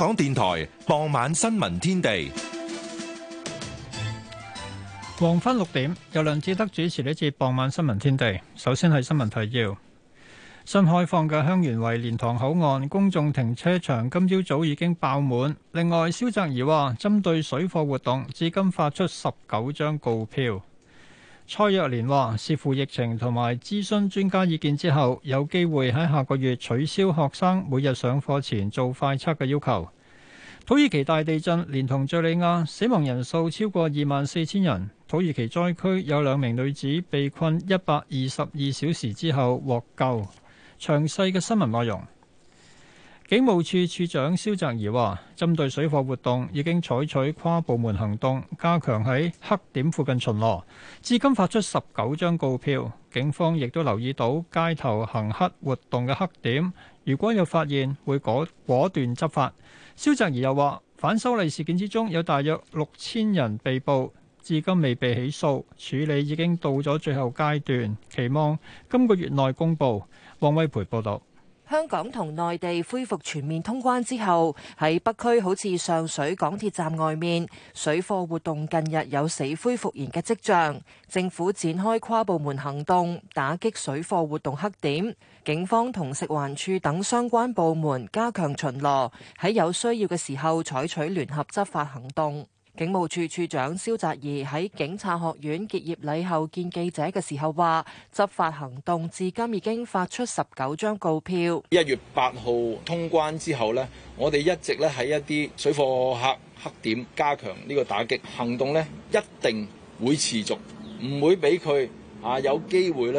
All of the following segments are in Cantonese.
香港電台傍晚新聞天地，黃昏六點由梁志德主持呢次傍晚新聞天地。首先係新聞提要：新開放嘅香園圍蓮塘口岸公眾停車場今朝早已經爆滿。另外，蕭澤怡話，針對水貨活動，至今發出十九張告票。蔡若蓮話：視乎疫情同埋諮詢專家意見之後，有機會喺下個月取消學生每日上課前做快測嘅要求。土耳其大地震連同敘利亞，死亡人數超過二萬四千人。土耳其災區有兩名女子被困一百二十二小時之後獲救。詳細嘅新聞內容。警務處處長蕭澤頤話：針對水貨活動，已經採取跨部門行動，加強喺黑點附近巡邏。至今發出十九張告票，警方亦都留意到街頭行乞活動嘅黑點，如果有發現，會果果斷執法。蕭澤頤又話：反修例事件之中，有大約六千人被捕，至今未被起訴，處理已經到咗最後階段，期望今個月內公布。王威培報道。香港同內地恢復全面通關之後，喺北區好似上水港鐵站外面，水貨活動近日有死灰復燃嘅跡象。政府展開跨部門行動，打擊水貨活動黑點。警方同食環署等相關部門加強巡邏，喺有需要嘅時候採取聯合執法行動。警務處處長蕭澤頤喺警察學院結業禮後見記者嘅時候話：執法行動至今已經發出十九張告票。一月八號通關之後呢，我哋一直咧喺一啲水貨客黑點加強呢個打擊行動呢，一定會持續，唔會俾佢啊有機會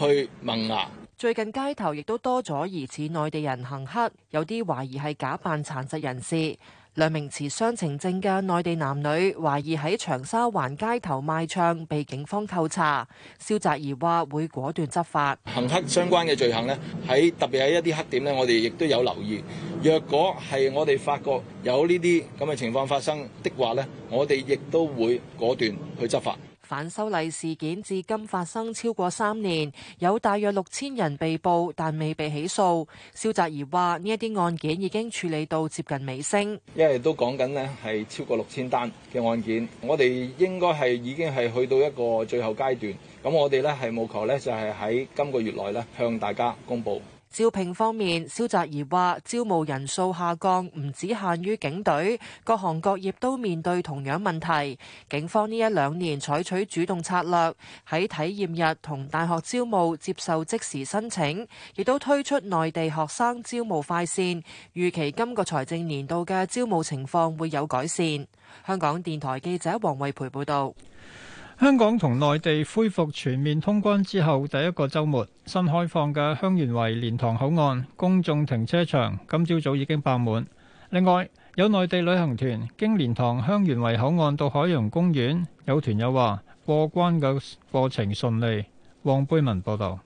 去萌芽。最近街頭亦都多咗疑似內地人行乞，有啲懷疑係假扮殘疾人士。兩名持雙程證嘅內地男女，懷疑喺長沙灣街頭賣唱，被警方扣查。蕭澤怡話：會果斷執法，行黑相關嘅罪行呢，喺特別係一啲黑點呢，我哋亦都有留意。若果係我哋發覺有呢啲咁嘅情況發生的話呢，我哋亦都會果斷去執法。反修例事件至今發生超過三年，有大約六千人被捕，但未被起訴。蕭澤頤話：呢一啲案件已經處理到接近尾聲，因為都講緊呢係超過六千單嘅案件，我哋應該係已經係去到一個最後階段。咁我哋呢係務求呢，就係喺今個月內呢，向大家公佈。招聘方面，蕭澤頤話招募人數下降，唔止限於警隊，各行各業都面對同樣問題。警方呢一兩年採取主動策略，喺體驗日同大學招募接受即時申請，亦都推出內地學生招募快線。預期今個財政年度嘅招募情況會有改善。香港電台記者黃慧培報道。香港同內地恢復全面通關之後第一個週末，新開放嘅香園圍蓮塘口岸公眾停車場今朝早，早已經爆滿。另外，有內地旅行團經蓮塘香園圍口岸到海洋公園，有團友話過關嘅過程順利。黃貝文報道。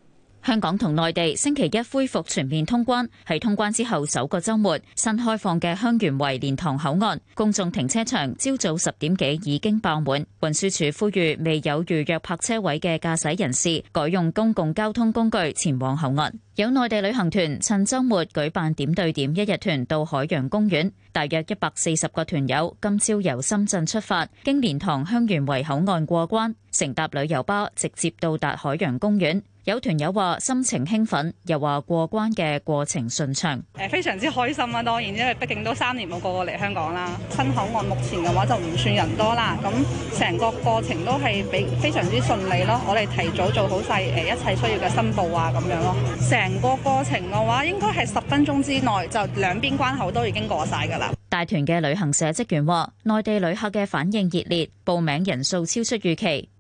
香港同內地星期一恢復全面通關，喺通關之後首個周末新開放嘅香園圍蓮塘口岸公眾停車場，朝早十點幾已經爆滿。運輸署呼籲未有預約泊車位嘅駕駛人士改用公共交通工具前往口岸。有內地旅行團趁周末舉辦點對點一日團到海洋公園，大約一百四十個團友今朝由深圳出發，經蓮塘香園圍口岸過關，乘搭旅遊巴直接到達海洋公園。有團友話心情興奮，又話過關嘅過程順暢。誒，非常之開心啊！當然，因為畢竟都三年冇過過嚟香港啦。新口岸目前嘅話就唔算人多啦，咁成個過程都係比非常之順利咯。我哋提早做好晒一切需要嘅申報啊，咁樣咯。成個過程嘅話，應該係十分鐘之內就兩邊關口都已經過晒㗎啦。大團嘅旅行社職員話，內地旅客嘅反應熱烈，報名人數超出預期。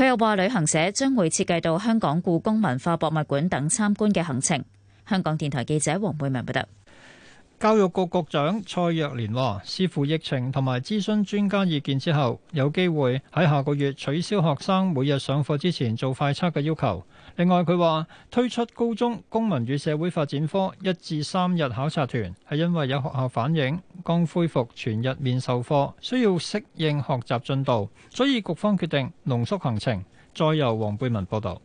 佢又話：旅行社將會設計到香港故宮文化博物館等參觀嘅行程。香港電台記者黃貝文報道。教育局局長蔡若蓮話，視乎疫情同埋諮詢專家意見之後，有機會喺下個月取消學生每日上課之前做快測嘅要求。另外他說，佢話推出高中公民與社會發展科一至三日考察團，係因為有學校反映剛恢復全日面授課，需要適應學習進度，所以局方決定濃縮行程。再由黃貝文報道。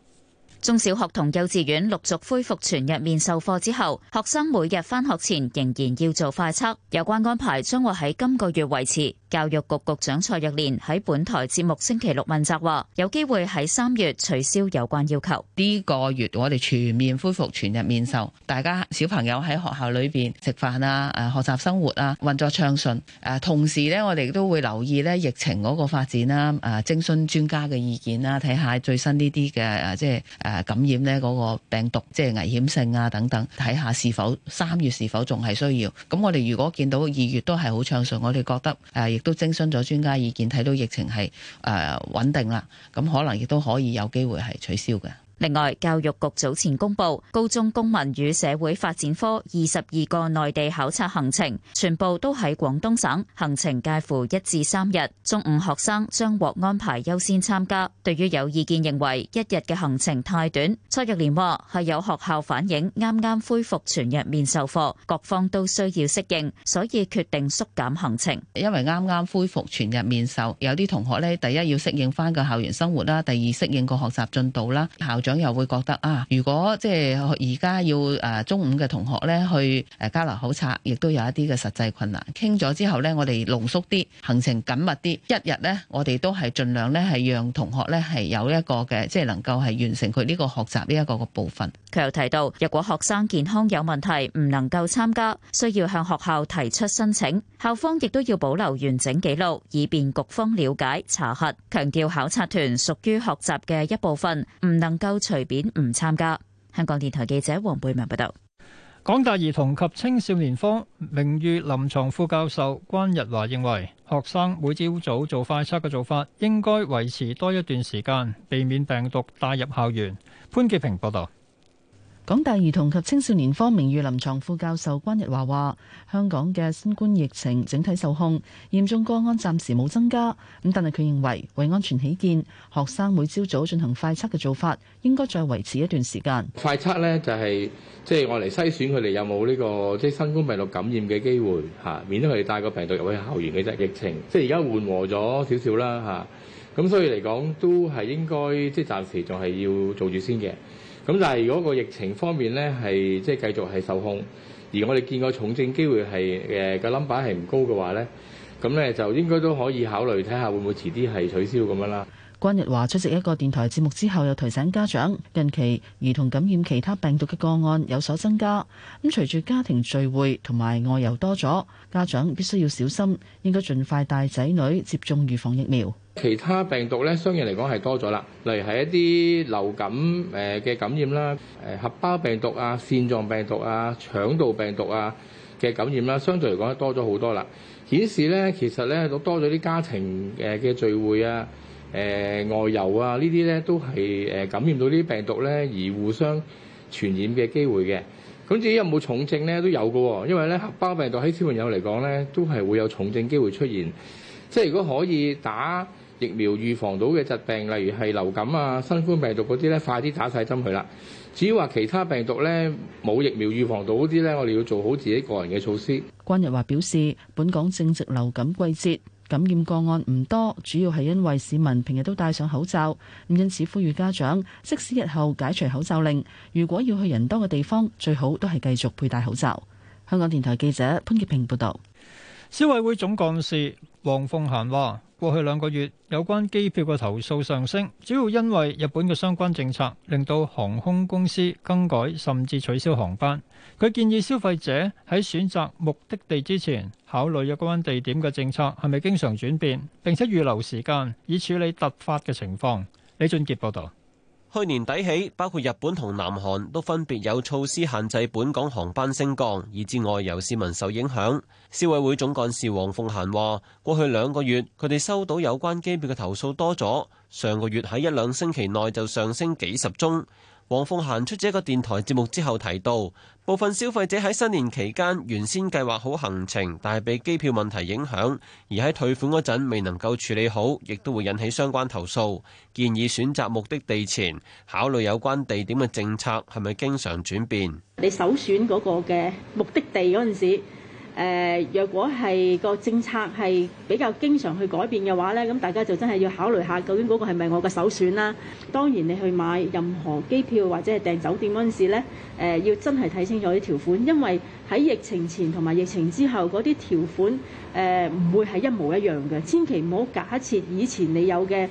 中小學同幼稚園陸續恢復全日面授課之後，學生每日返學前仍然要做快測，有關安排將會喺今個月維持。教育局局長蔡若蓮喺本台節目星期六問責話，有機會喺三月取消有關要求。呢個月我哋全面恢復全日面授，大家小朋友喺學校裏邊食飯啊、誒學習生活啊運作暢順。誒，同時呢，我哋都會留意咧疫情嗰個發展啦，誒徵詢專家嘅意見啦，睇下最新呢啲嘅誒即係誒感染呢嗰個病毒即係危險性啊等等，睇下是否三月是否仲係需要。咁我哋如果見到二月都係好暢順，我哋覺得誒。都徵詢咗專家意見，睇到疫情係誒、呃、穩定啦，咁可能亦都可以有機會係取消嘅。另外，教育局早前公布高中公民與社會發展科二十二個內地考察行程，全部都喺廣東省，行程介乎一至三日。中五學生將獲安排優先參加。對於有意見認為一日嘅行程太短，蔡玉蓮話係有學校反映，啱啱恢復全日面授課，各方都需要適應，所以決定縮減行程。因為啱啱恢復全日面授，有啲同學咧，第一要適應翻個校園生活啦，第二適應個學習進度啦，校。長又會覺得啊，如果即係而家要誒中五嘅同學咧去誒交流考察，亦都有一啲嘅實際困難。傾咗之後咧，我哋濃縮啲行程緊密啲，一日咧我哋都係盡量咧係讓同學咧係有一個嘅，即係能夠係完成佢呢個學習呢一個嘅部分。佢又提到，若果學生健康有問題，唔能夠參加，需要向學校提出申請。校方亦都要保留完整記錄，以便局方了解查核。強調考察團屬於學習嘅一部分，唔能夠隨便唔參加。香港電台記者黃貝文報道。港大兒童及青少年科名譽臨床副教授關日華認為，學生每朝早，早做快測嘅做法應該維持多一段時間，避免病毒帶入校園。潘潔平報道。港大兒童及青少年科名譽臨床副教授關日華話，香港嘅新冠疫情整體受控，嚴重個案暫時冇增加。咁但係佢認為，為安全起見，學生每朝早進行快測嘅做法應該再維持一段時間。快測呢就係即係我嚟篩選佢哋有冇呢個即係新冠病毒感染嘅機會嚇，免得佢哋帶個病毒入去校園嘅啫。疫情即係而家緩和咗少少啦嚇，咁所以嚟講都係應該即係暫時仲係要做住先嘅。咁但係如果個疫情方面咧係即係繼續係受控，而我哋見過重症機會係誒個 number 係唔高嘅話咧，咁咧就應該都可以考慮睇下會唔會遲啲係取消咁樣啦。關日華出席一個電台節目之後，又提醒家長：近期兒童感染其他病毒嘅個案有所增加。咁，隨住家庭聚會同埋外遊多咗，家長必須要小心，應該盡快帶仔女接種預防疫苗。其他病毒咧，相應嚟講係多咗啦，例如係一啲流感誒嘅感染啦，誒，核包病毒啊、腺狀病毒啊、腸道病毒啊嘅感染啦，相對嚟講係多咗好多啦。顯示咧，其實咧都多咗啲家庭誒嘅聚會啊。誒、呃、外遊啊，呢啲咧都係感染到呢啲病毒咧，而互相傳染嘅機會嘅。咁至於有冇重症咧，都有㗎喎、哦。因為咧，包括病毒喺小朋友嚟講咧，都係會有重症機會出現。即係如果可以打疫苗預防到嘅疾病，例如係流感啊、新冠病毒嗰啲咧，快啲打晒針佢啦。至於話其他病毒咧冇疫苗預防到嗰啲咧，我哋要做好自己個人嘅措施。關日華表示，本港正值流感季節。感染個案唔多，主要係因為市民平日都戴上口罩。咁因此呼籲家長，即使日後解除口罩令，如果要去人多嘅地方，最好都係繼續佩戴口罩。香港電台記者潘潔平報導。消委會總幹事黃鳳嫻話，過去兩個月，有關機票嘅投訴上升，主要因為日本嘅相關政策令到航空公司更改甚至取消航班。佢建議消費者喺選擇目的地之前，考慮有關地點嘅政策係咪經常轉變，並且預留時間以處理突發嘅情況。李俊傑報導。去年底起，包括日本同南韓都分別有措施限制本港航班升降，以致外遊市民受影響。消委會總幹事黃鳳嫻話，過去兩個月，佢哋收到有關機票嘅投訴多咗，上個月喺一兩星期內就上升幾十宗。黃鳳嫻出咗一個電台節目之後提到，部分消費者喺新年期間原先計劃好行程，但係被機票問題影響，而喺退款嗰陣未能夠處理好，亦都會引起相關投訴。建議選擇目的地前考慮有關地點嘅政策係咪經常轉變。你首選嗰個嘅目的地嗰陣時。誒，若果係個政策係比較經常去改變嘅話呢，咁大家就真係要考慮下，究竟嗰個係咪我嘅首選啦？當然你去買任何機票或者係訂酒店嗰陣時呢、呃，要真係睇清楚啲條款，因為喺疫情前同埋疫情之後嗰啲條款誒、呃、唔會係一模一樣嘅，千祈唔好假設以前你有嘅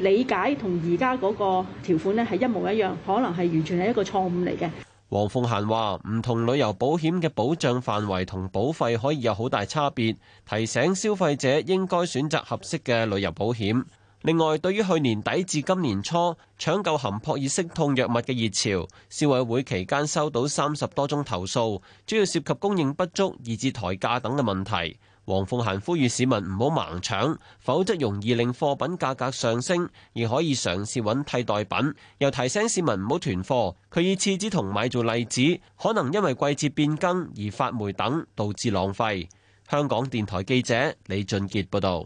理解同而家嗰個條款呢係一模一樣，可能係完全係一個錯誤嚟嘅。黃鳳嫻話：唔同旅遊保險嘅保障範圍同保費可以有好大差別，提醒消費者應該選擇合適嘅旅遊保險。另外，對於去年底至今年初搶購含撲熱息痛藥物嘅熱潮，消委會期間收到三十多宗投訴，主要涉及供應不足、以至抬價等嘅問題。黃鳳嫻呼籲市民唔好盲搶，否則容易令貨品價格上升，而可以嘗試揾替代品。又提醒市民唔好囤貨。佢以廁紙同米做例子，可能因為季節變更而發霉等，導致浪費。香港電台記者李俊杰報道。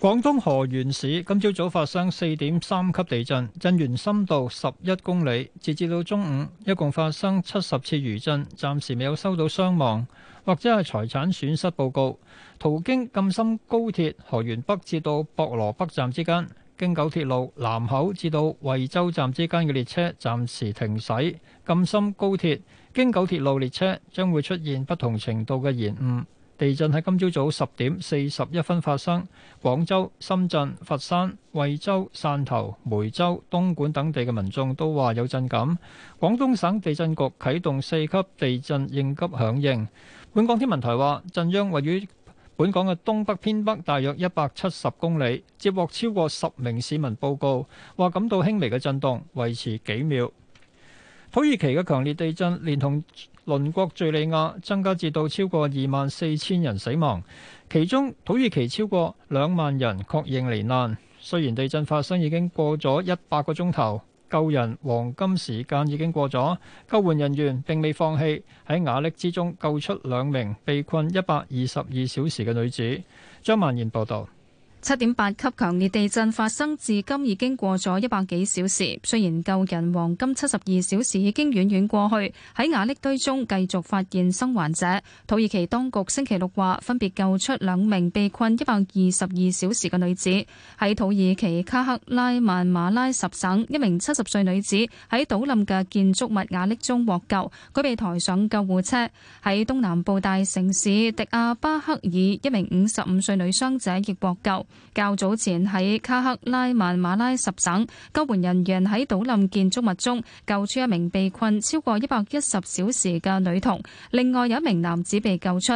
廣東河源市今朝早，早發生四點三級地震，震源深度十一公里。截至到中午，一共發生七十次餘震，暫時未有收到傷亡，或者係財產損失報告。途經贛深高鐵河源北至到博羅北站之間，京九鐵路南口至到惠州站之間嘅列車暫時停駛。贛深高鐵、京九鐵路列車將會出現不同程度嘅延誤。地震喺今朝早十點四十一分發生，廣州、深圳、佛山、惠州、汕頭、梅州、東莞等地嘅民眾都話有震感。廣東省地震局啟動四級地震應急響應。本港天文台話，震央位於本港嘅東北偏北，大約一百七十公里，接獲超過十名市民報告，話感到輕微嘅震動，維持幾秒。土耳其嘅強烈地震連同鄰國敍利亞，增加至到超過二萬四千人死亡，其中土耳其超過兩萬人確認罹難。雖然地震發生已經過咗一百個鐘頭。救人黃金時間已經過咗，救援人員並未放棄，喺瓦礫之中救出兩名被困一百二十二小時嘅女子。張曼賢報道。七點八級強烈地震發生至今已經過咗一百幾小時，雖然救人黃金七十二小時已經遠遠過去，喺瓦礫堆中繼續發現生還者。土耳其當局星期六話，分別救出兩名被困一百二十二小時嘅女子。喺土耳其卡克拉曼馬拉什省，一名七十歲女子喺倒冧嘅建築物瓦礫中獲救，佢被抬上救護車。喺東南部大城市迪亞巴克爾，一名五十五歲女傷者亦獲救。較早前喺卡克拉曼馬拉十省，救援人員喺倒冧建築物中救出一名被困超過一百一十小時嘅女童，另外有一名男子被救出。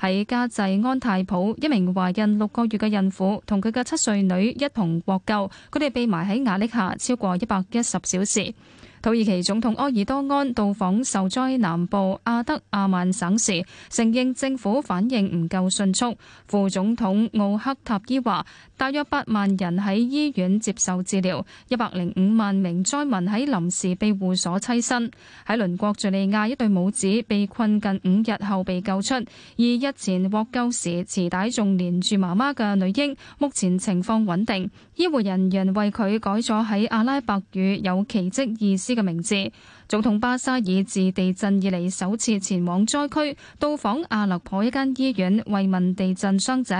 喺加濟安泰普，一名懷孕六個月嘅孕婦同佢嘅七歲女一同獲救，佢哋被埋喺瓦礫下超過一百一十小時。土耳其總統埃爾多安到訪受災南部阿德阿曼省時，承認政府反應唔夠迅速。副總統奧克塔伊話，大約八萬人喺醫院接受治療，一百零五萬名災民喺臨時庇護所棲身。喺鄰國敘利亞，一對母子被困近五日後被救出，而日前獲救時臍帶仲連住媽媽嘅女嬰，目前情況穩定。醫護人員為佢改咗喺阿拉伯語有奇蹟意之嘅名字。總統巴沙爾自地震以嚟首次前往災區，到訪阿勒頗一間醫院慰問地震傷者。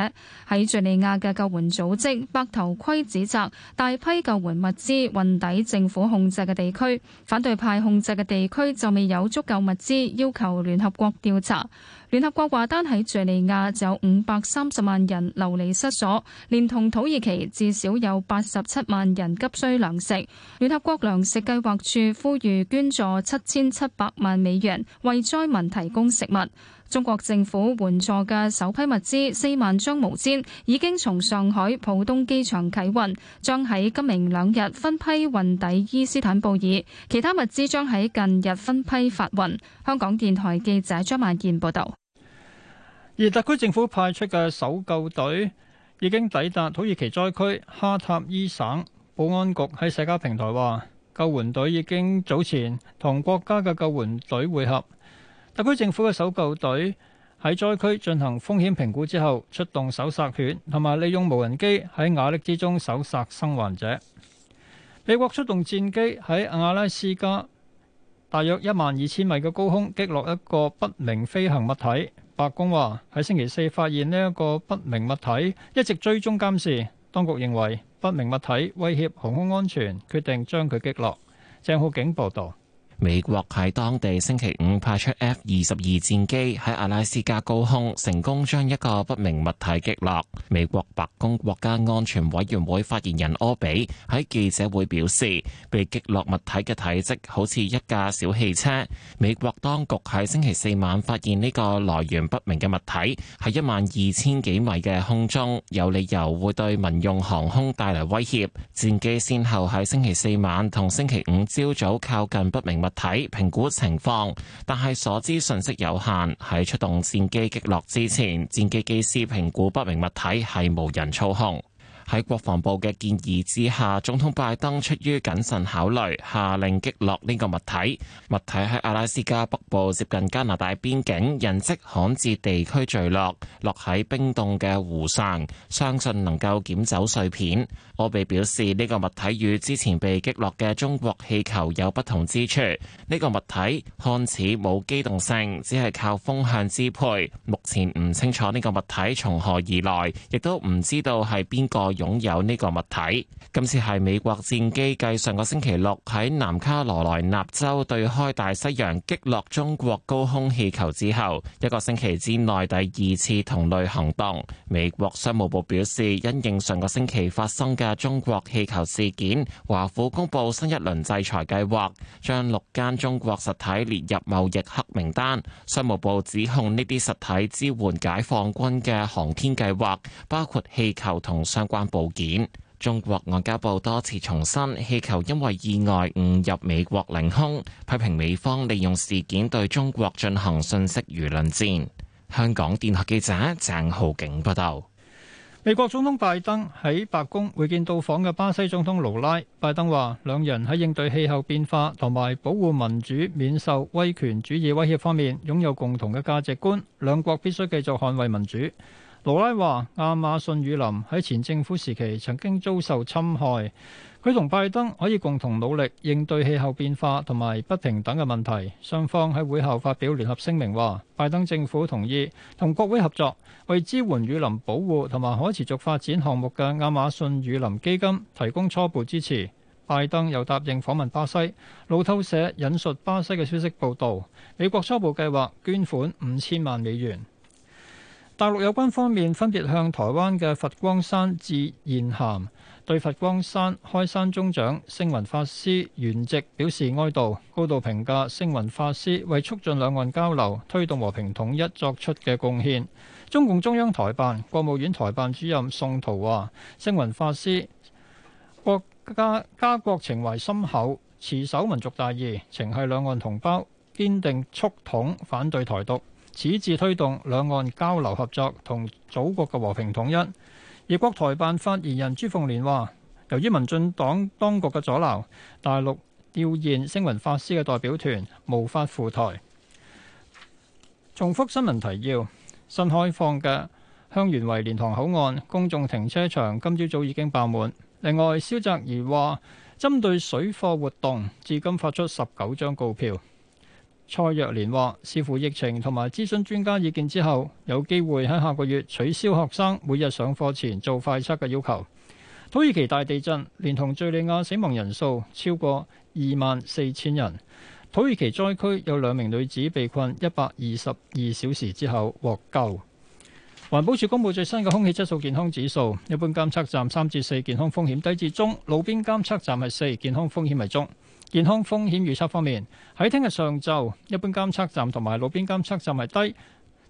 喺敘利亞嘅救援組織白頭盔指責大批救援物資運抵政府控制嘅地區，反對派控制嘅地區就未有足夠物資，要求聯合國調查。聯合國話單喺敘利亞就有五百三十萬人流離失所，連同土耳其至少有八十七萬人急需糧食。聯合國糧食計劃處呼籲捐助七千七百萬美元，為災民提供食物。中國政府援助嘅首批物資四萬張毛毯已經從上海浦東機場啟運，將喺今明兩日分批運抵伊斯坦布爾。其他物資將喺近日分批發運。香港電台記者張曼健報道。而特區政府派出嘅搜救隊已經抵達土耳其災區哈塔伊省，保安局喺社交平台話，救援隊已經早前同國家嘅救援隊會合。特區政府嘅搜救隊喺災區進行風險評估之後，出動搜索犬，同埋利用無人機喺瓦礫之中搜索生還者。美國出動戰機喺阿拉斯加大約一萬二千米嘅高空擊落一個不明飛行物體。白宮話喺星期四發現呢一個不明物體，一直追蹤監視。當局認為不明物體威脅航空安全，決定將佢擊落。鄭浩景報道。美國喺當地星期五派出 F 二十二戰機喺阿拉斯加高空成功將一個不明物體擊落。美國白宮國家安全委員會發言人柯比喺記者會表示，被擊落物體嘅體積好似一架小汽車。美國當局喺星期四晚發現呢個來源不明嘅物體喺一萬二千幾米嘅空中，有理由會對民用航空帶嚟威脅。戰機先後喺星期四晚同星期五朝早靠近不明物，物體評估情況，但係所知信息有限。喺出動戰機擊落之前，戰機機師評估不明物體係無人操控。喺國防部嘅建議之下，總統拜登出於謹慎考慮，下令擊落呢個物體。物體喺阿拉斯加北部接近加拿大邊境、人迹罕至地區墜落，落喺冰凍嘅湖上，相信能夠撿走碎片。科比表示呢個物體與之前被擊落嘅中國氣球有不同之處，呢個物體看似冇機動性，只係靠風向支配。目前唔清楚呢個物體從何而來，亦都唔知道係邊個擁有呢個物體。今次係美國戰機繼上個星期六喺南卡羅來納州對開大西洋擊落中國高空氣球之後一個星期之內第二次同類行動。美國商務部表示，因應上個星期發生嘅。中國氣球事件，華府公布新一輪制裁計劃，將六間中國實體列入貿易黑名單。商務部指控呢啲實體支援解放軍嘅航天計劃，包括氣球同相關部件。中國外交部多次重申，氣球因為意外誤入美國領空，批評美方利用事件對中國進行信息輿論戰。香港電台記者鄭浩景報道。美國總統拜登喺白宮會見到訪嘅巴西總統盧拉。拜登話，兩人喺應對氣候變化同埋保護民主免受威權主義威脅方面擁有共同嘅價值觀，兩國必須繼續捍衛民主。盧拉話，亞馬遜雨林喺前政府時期曾經遭受侵害，佢同拜登可以共同努力應對氣候變化同埋不平等嘅問題。雙方喺會後發表聯合聲明話，拜登政府同意同國會合作，為支援雨林保護同埋可持續發展項目嘅亞馬遜雨林基金提供初步支持。拜登又答應訪問巴西。路透社引述巴西嘅消息報道，美國初步計劃捐款五千萬美元。大陸有關方面分別向台灣嘅佛光山致唁函，對佛光山開山宗長星雲法師圓寂表示哀悼，高度評價星雲法師為促進兩岸交流、推動和平統一作出嘅貢獻。中共中央台辦、國務院台辦主任宋濤話：星雲法師國家家國情懷深厚，持守民族大義，情繫兩岸同胞，堅定促統，反對台獨，矢志推動兩岸交流合作同祖國嘅和平統一。而國台辦發言人朱鳳蓮話：由於民進黨當局嘅阻撓，大陸弔唁星雲法師嘅代表團無法赴台。重複新聞提要。新開放嘅香園圍蓮塘口岸公眾停車場今朝早已經爆滿。另外，蕭澤頤話：針對水貨活動，至今發出十九張告票。蔡若蓮話：視乎疫情同埋諮詢專家意見之後，有機會喺下個月取消學生每日上課前做快測嘅要求。土耳其大地震連同敍利亞死亡人數超過二萬四千人。土耳其災區有兩名女子被困一百二十二小時之後獲救。環保署公布最新嘅空氣質素健康指數，一般監測站三至四健康風險低至中，路邊監測站係四健康風險係中。健康風險預測方面，喺聽日上晝，一般監測站同埋路邊監測站係低；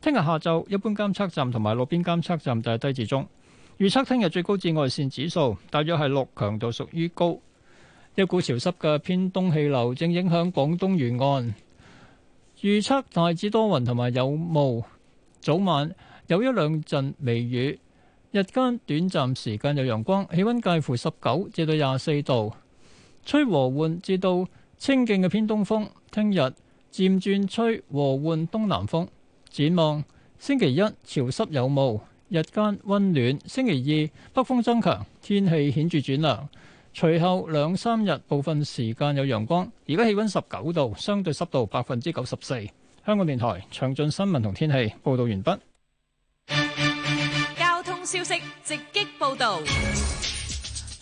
聽日下晝，一般監測站同埋路邊監測站就係低至中。預測聽日最高紫外線指數大約係六，強度屬於高。一股潮濕嘅偏東氣流正影響廣東沿岸，預測大致多雲同埋有霧，早晚有一兩陣微雨，日間短暫時間有陽光，氣温介乎十九至到廿四度，吹和緩至到清勁嘅偏東風，聽日漸轉吹和緩東南風。展望星期一潮濕有霧，日間温暖；星期二北風增強，天氣顯著轉涼。隨後兩三日部分時間有陽光，而家氣温十九度，相對濕度百分之九十四。香港電台詳盡新聞同天氣報道完畢。交通消息直擊報道。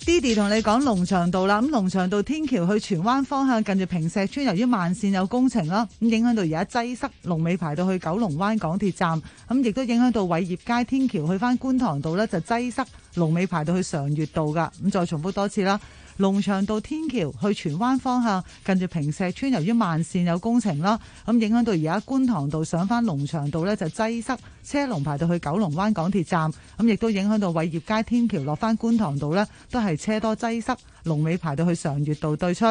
Didi 同你講龍翔道啦，咁龍翔道天橋去荃灣方向近住坪石邨，由於慢線有工程啦，咁影響到而家擠塞，龍尾排到去九龍灣港鐵站，咁亦都影響到偉業街天橋去翻觀塘道咧，就擠塞，龍尾排到去常悅道噶，咁再重複多次啦。龍翔道天橋去荃灣方向，近住坪石村，由於慢線有工程啦，咁影響到而家觀塘道上翻龍翔道呢就擠塞，車龍排到去九龍灣港鐵站，咁亦都影響到偉業街天橋落翻觀塘道呢都係車多擠塞。龍尾排到去上月度對出，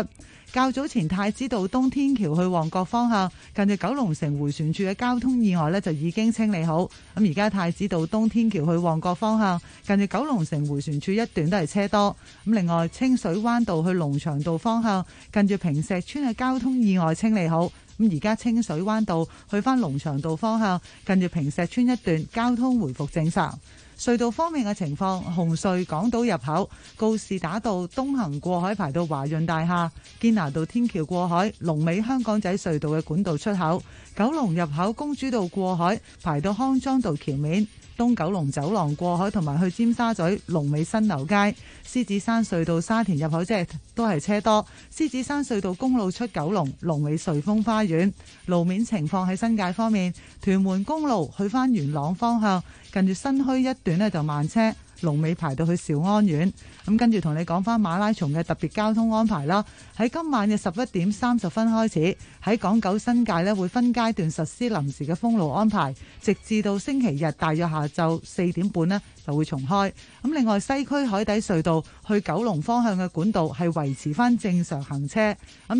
較早前太子道東天橋去旺角方向，近住九龍城回旋處嘅交通意外呢，就已經清理好。咁而家太子道東天橋去旺角方向，近住九龍城回旋處一段都係車多。咁另外清水灣道去龍翔道方向，近住平石村嘅交通意外清理好。咁而家清水灣道去翻龍翔道方向，近住平石村一段交通回復正常。隧道方面嘅情況，紅隧港島入口告士打道東行過海排到華潤大廈，堅拿道天橋過海，龍尾香港仔隧道嘅管道出口，九龍入口公主道過海排到康莊道橋面。東九龍走廊過海同埋去尖沙咀龍尾新樓街、獅子山隧道沙田入口，即係都係車多。獅子山隧道公路出九龍龍尾瑞峰花園路面情況。喺新界方面，屯門公路去返元朗方向，近住新墟一段呢就慢車。龍尾排到去兆安苑，咁跟住同你講翻馬拉松嘅特別交通安排啦。喺今晚嘅十一點三十分開始，喺港九新界呢會分階段實施臨時嘅封路安排，直至到星期日大約下晝四點半呢就會重開。咁另外西區海底隧道去九龍方向嘅管道係維持翻正常行車，咁而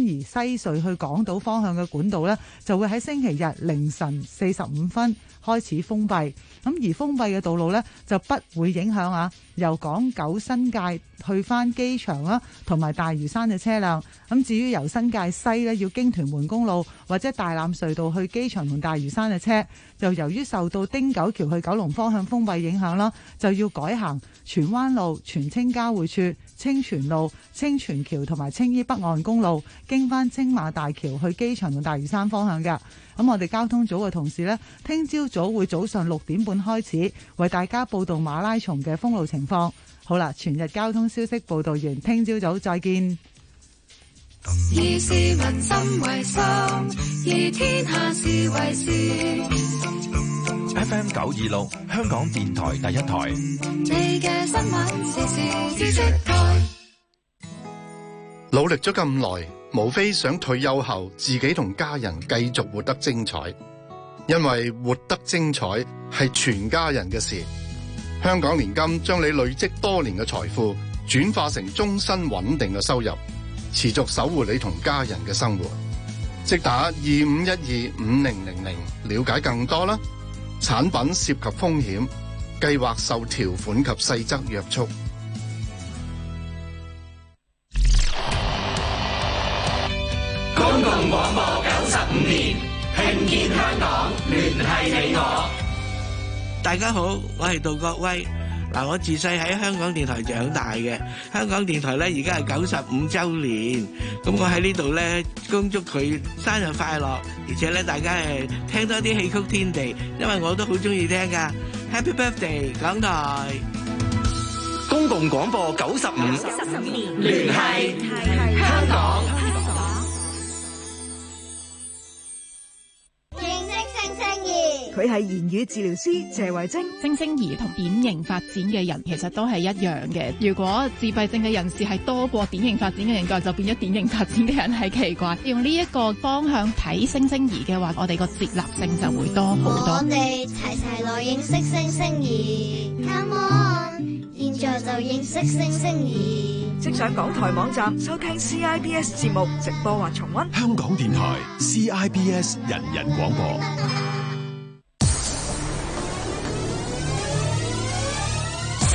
西隧去港島方向嘅管道呢，就會喺星期日凌晨四十五分。開始封閉，咁而封閉嘅道路呢，就不會影響啊由港九新界去翻機場啦，同埋大嶼山嘅車輛。咁至於由新界西呢，要經屯門公路或者大欖隧道去機場同大嶼山嘅車，就由於受到汀九橋去九龍方向封閉影響啦，就要改行荃灣路、荃青交匯處、青荃路、青荃橋同埋青衣北岸公路，經翻青馬大橋去機場同大嶼山方向嘅。咁我哋交通組嘅同事咧，聽朝早會早上六點半開始為大家報道馬拉松嘅封路情況。好啦，全日交通消息報道完，聽朝早再見。以市民心為心，以天下事為事。FM 九二六，香港電台第一台。你嘅新聞時時知識台。努力咗咁耐，無非想退休後自己同家人繼續活得精彩，因為活得精彩係全家人嘅事。香港年金將你累積多年嘅財富轉化成終身穩定嘅收入，持續守護你同家人嘅生活。即打二五一二五零零零，了解更多啦。產品涉及風險，計劃受條款及細則約束。大家好，我係杜國威。嗱，我自細喺香港電台長大嘅。香港電台咧，而家係九十五週年。咁我喺呢度咧，恭祝佢生日快樂，而且咧，大家係聽多啲戲曲天地，因為我都好中意聽㗎。Happy Birthday，港台公共廣播九十五年聯繫香港。佢係言語治療師謝慧晶。星星兒同典型發展嘅人其實都係一樣嘅。如果自閉症嘅人士係多過典型發展嘅人，就變咗典型發展嘅人係奇怪。用呢一個方向睇星星兒嘅話，我哋個接納性就會多好多。我哋齊齊來認識星星兒，Come on，現在就認識星星兒。即上港台網站 收聽 CIBS 節目直播或重溫。香港電台 CIBS 人人廣播。